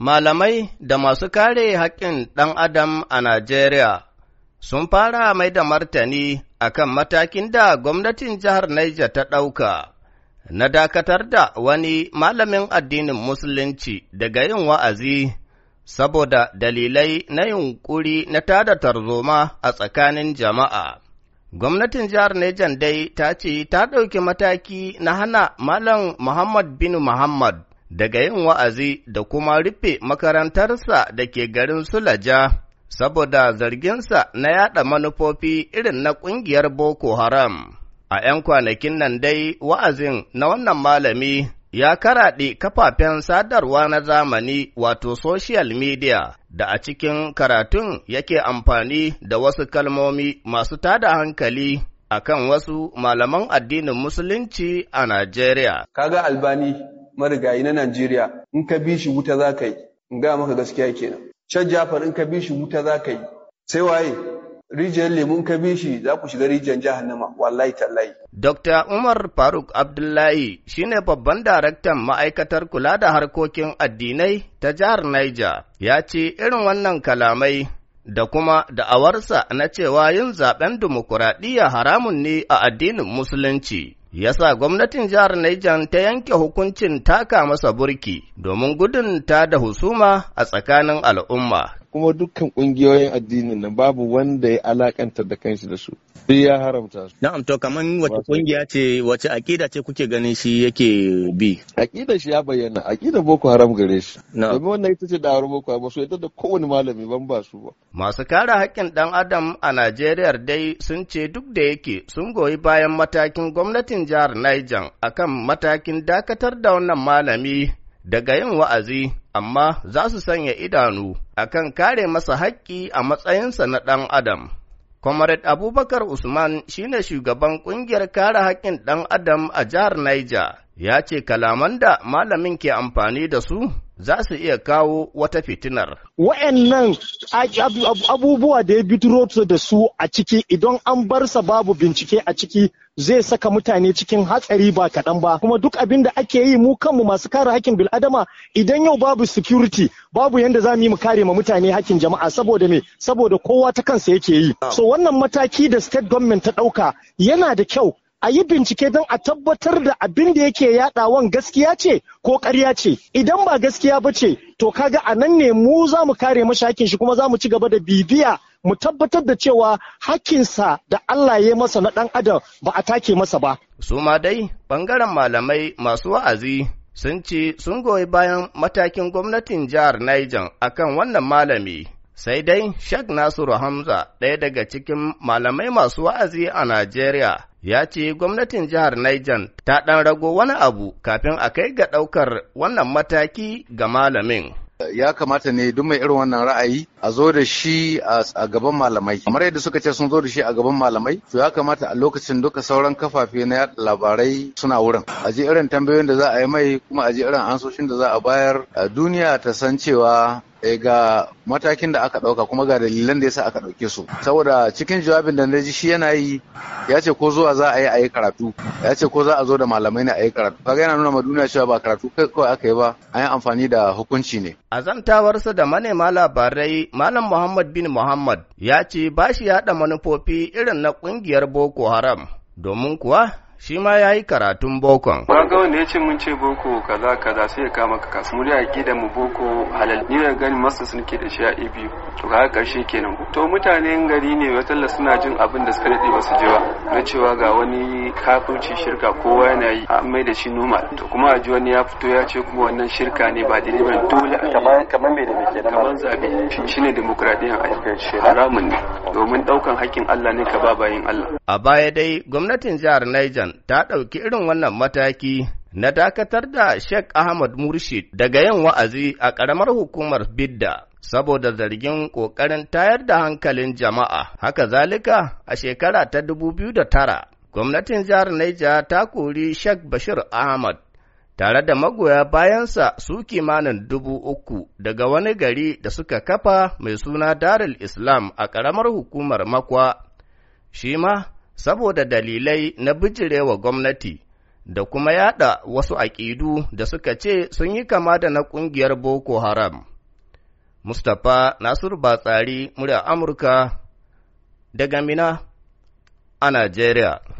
Malamai da masu kare haƙƙin ɗan Adam a Najeriya sun fara mai da martani a kan matakin da gwamnatin jihar Niger ta ɗauka na dakatar da wani malamin addinin Musulunci daga yin wa'azi saboda dalilai na yunƙuri na tada tarzoma a tsakanin jama'a. Gwamnatin jihar Niger dai ta ce ta ɗauki mataki na hana Malam Muhammad bin Muhammad daga yin wa'azi da kuma rufe makarantarsa da ke garin Sulaja saboda zarginsa na yaɗa manufofi irin na ƙungiyar Boko Haram. A ‘yan kwanakin nan dai wa'azin na wannan malami ya karaɗe kafafen sadarwa na zamani wato social media da a cikin karatun yake amfani da wasu kalmomi masu tada hankali akan wasu malaman addinin musulunci a Najeriya. Kaga Albani marigayi na Najeriya in ka bi shi wuta za ka yi in ga maka gaskiya kenan Can Jafar in ka bi shi wuta za ka yi sai waye rijiyar lemun ka bi shi za ku shiga rijiyar jahannama wallahi tallahi. Dr. Umar Faruk Abdullahi shine babban daraktan ma'aikatar kula da harkokin addinai ta jihar Niger ya ce irin wannan kalamai da kuma da'awarsa na cewa yin zaben dimokuraɗiyya haramun ne a addinin Musulunci. yasa gwamnatin jihar Niger ta yanke hukuncin taka masa burki domin gudun ta da husuma a tsakanin al'umma kuma dukkan kungiyoyin addinin nan babu wanda ya alakanta da kansu da su duk ya haramta su na'am to kaman wace kungiya ce wace akida ce kuke ganin shi yake bi akida shi ya bayyana akida boko haram gare shi domin wannan ita ce haram boko haram su ita da kowane malami ban ba su ba masu kare haƙƙin dan adam a Najeriya dai sun ce duk da yake sun goyi bayan matakin gwamnatin jihar Niger akan matakin dakatar da wannan malami daga yin wa'azi, amma za su sanya idanu a kan kare masa haƙƙi a matsayinsa na ɗan adam. Comrade Abubakar Usman shi ne shugaban ƙungiyar kare haƙƙin ɗan adam a jihar Niger, ya ce kalaman da malamin ke amfani da su za su iya kawo wata fitinar. Wa'yannan abubuwa da ya bidiro da su a ciki idan an bar sa babu bincike a ciki zai saka mutane cikin hatsari ba kaɗan ba kuma duk abin da ake yi mu kanmu masu kare hakin bil'adama idan yau babu security babu yadda za mu yi mu kare ma mutane hakin jama'a saboda me saboda kowa ta kansa yake yi so wannan mataki da state government ta ɗauka yana da kyau a yi bincike don a tabbatar da abin da yake yaɗawan gaskiya ce ko ƙarya ce idan ba gaskiya ba ce to kaga a nan ne mu za mu kare mashakin shi kuma za mu ci gaba da bibiya mu tabbatar da cewa hakkinsa da Allah ya masa na ɗan adam ba a take masa ba. Su ma dai ɓangaren malamai masu wa'azi sun ce sun goyi bayan matakin gwamnatin jihar Niger akan wannan malami. Sai dai Sheikh Nasiru Hamza, ɗaya daga cikin malamai masu wa'azi a Najeriya, ya ce gwamnatin jihar Niger ta ɗan rago wani abu kafin a kai ga ɗaukar wannan mataki ga malamin. ya kamata ne duk mai irin wannan ra'ayi a zo da shi a gaban malamai kamar yadda suka ce sun zo da shi a gaban malamai to ya kamata a lokacin duka sauran kafafe na yada labarai suna wurin a ji irin tambayoyin da za a yi mai kuma a ji irin ansoshin da za a bayar duniya ta san cewa Eh, ga matakin da aka ɗauka kuma ga dalilan da yasa aka ɗauke su saboda cikin jawabin da na ji shi yana yi ya ce ko zuwa za a yi a yi karatu ya ce ko za a zo da malamai ne a yi karatu kaga yana nuna maduna cewa ba karatu kawai aka yi ba an yi amfani da hukunci ne a zantawarsa da manema labarai malam muhammad bin muhammad ya ce ba shi yaɗa manufofi irin na ƙungiyar boko haram domin kuwa shi ma ya yi karatun bokon. Ba ga wanda ya ce mun ce boko kaza kaza sai ya kama ka kasu. Muri aƙida mu boko halal. Ni da gani masa sun ke da shi a ibi. To ka ƙarshe kenan. To mutane gari ne watalla suna jin abin da suka daɗe ba su ba. Na cewa ga wani kafirci shirka kowa yana yi a mai da shi noma To kuma a ji wani ya fito ya ce kuma wannan shirka ne ba daidai ba dole a yi. Kamar mai da mai kenan. Kamar zaɓe. Eh. Shi ne demokuraɗiyyar shi Haramun ne. Domin ɗaukan haƙƙin Allah ne ka ba bayin Allah. A baya dai gwamnatin jihar Niger ta ɗauki irin wannan mataki na dakatar da Sheikh Ahmad Murshid daga yin wa'azi a ƙaramar hukumar Bidda saboda zargin ƙoƙarin tayar da hankalin jama'a. Haka zalika a shekara ta da tara, gwamnatin jihar Naija ta kori Sheikh Bashir Ahmad tare da magoya bayansa su kimanin dubu uku daga wani gari da suka kafa mai suna Darul Islam a ƙaramar hukumar Makwa. Shima, saboda dalilai na bijirewa gwamnati da kuma yada wasu aƙidu da suka ce sun yi kama da na ƙungiyar Boko Haram. Mustapha Nasiru Batsari, murya Amurka, daga Mina a Najeriya.